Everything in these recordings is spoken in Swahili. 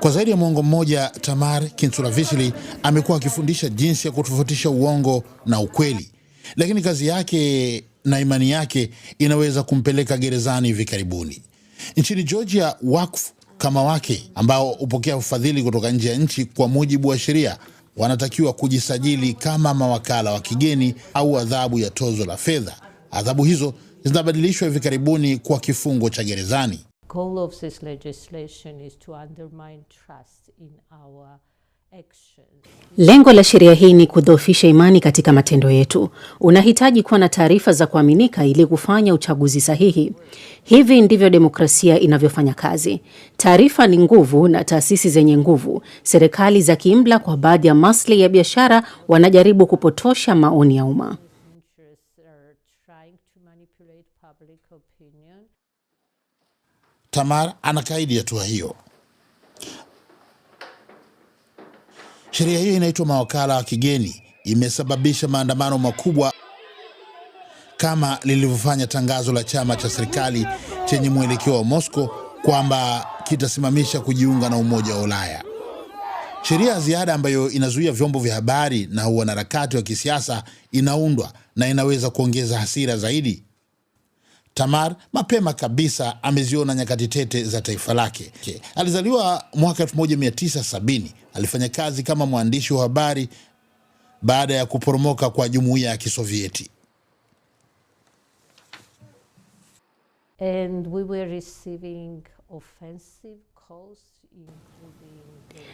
Kwa zaidi ya mwongo mmoja, Tamar Kintsuravishvili amekuwa akifundisha jinsi ya kutofautisha uongo na ukweli, lakini kazi yake na imani yake inaweza kumpeleka gerezani hivi karibuni. Nchini Georgia, wakfu kama wake ambao hupokea ufadhili kutoka nje ya nchi kwa mujibu wa sheria wanatakiwa kujisajili kama mawakala wa kigeni au adhabu ya tozo la fedha. Adhabu hizo zinabadilishwa hivi karibuni kwa kifungo cha gerezani goal of this legislation is to undermine trust in our Lengo la sheria hii ni kudhoofisha imani katika matendo yetu. Unahitaji kuwa na taarifa za kuaminika ili kufanya uchaguzi sahihi. Hivi ndivyo demokrasia inavyofanya kazi. Taarifa ni nguvu, na taasisi zenye nguvu, serikali za kiimla, kwa baadhi ya maslahi ya biashara, wanajaribu kupotosha maoni ya umma. Tamar anakaidi hatua hiyo. Sheria hiyo inaitwa mawakala wa kigeni, imesababisha maandamano makubwa kama lilivyofanya tangazo la chama cha serikali chenye mwelekeo wa Moscow kwamba kitasimamisha kujiunga na Umoja wa Ulaya. Sheria ya ziada ambayo inazuia vyombo vya habari na wanaharakati wa kisiasa inaundwa na inaweza kuongeza hasira zaidi Tamar mapema kabisa ameziona nyakati tete za taifa lake. Alizaliwa mwaka 1970. Alifanya kazi kama mwandishi wa habari baada ya kuporomoka kwa jumuiya ya Kisovieti. And we were receiving offensive calls including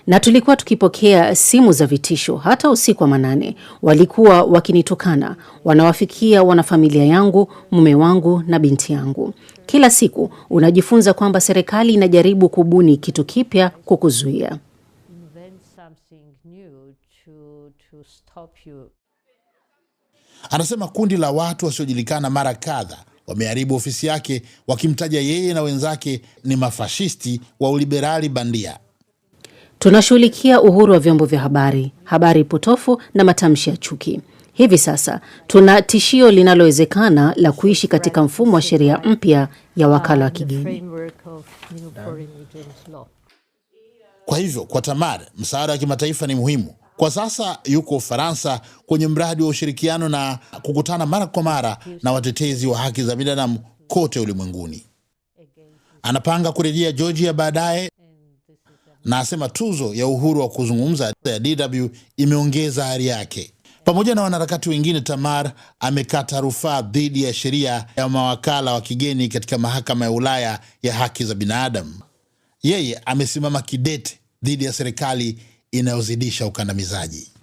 na tulikuwa tukipokea simu za vitisho hata usiku wa manane. Walikuwa wakinitukana, wanawafikia wanafamilia yangu, mume wangu na binti yangu. Kila siku unajifunza kwamba serikali inajaribu kubuni kitu kipya kukuzuia. Anasema kundi la watu wasiojulikana mara kadha wameharibu ofisi yake wakimtaja yeye na wenzake ni mafashisti wa uliberali bandia. Tunashughulikia uhuru wa vyombo vya habari, habari potofu na matamshi ya chuki. Hivi sasa tuna tishio linalowezekana la kuishi katika mfumo wa sheria mpya ya wakala wa kigeni. Kwa hivyo, kwa Tamar, msaada wa kimataifa ni muhimu. Kwa sasa yuko Ufaransa kwenye mradi wa ushirikiano na kukutana mara kwa mara na watetezi wa haki za binadamu kote ulimwenguni. Anapanga kurejea Georgia baadaye na asema tuzo ya uhuru wa kuzungumza ya DW imeongeza ari yake. Pamoja na wanaharakati wengine, Tamar amekata rufaa dhidi ya sheria ya mawakala wa kigeni katika mahakama ya Ulaya ya haki za binadamu. Yeye amesimama kidete dhidi ya serikali inayozidisha ukandamizaji.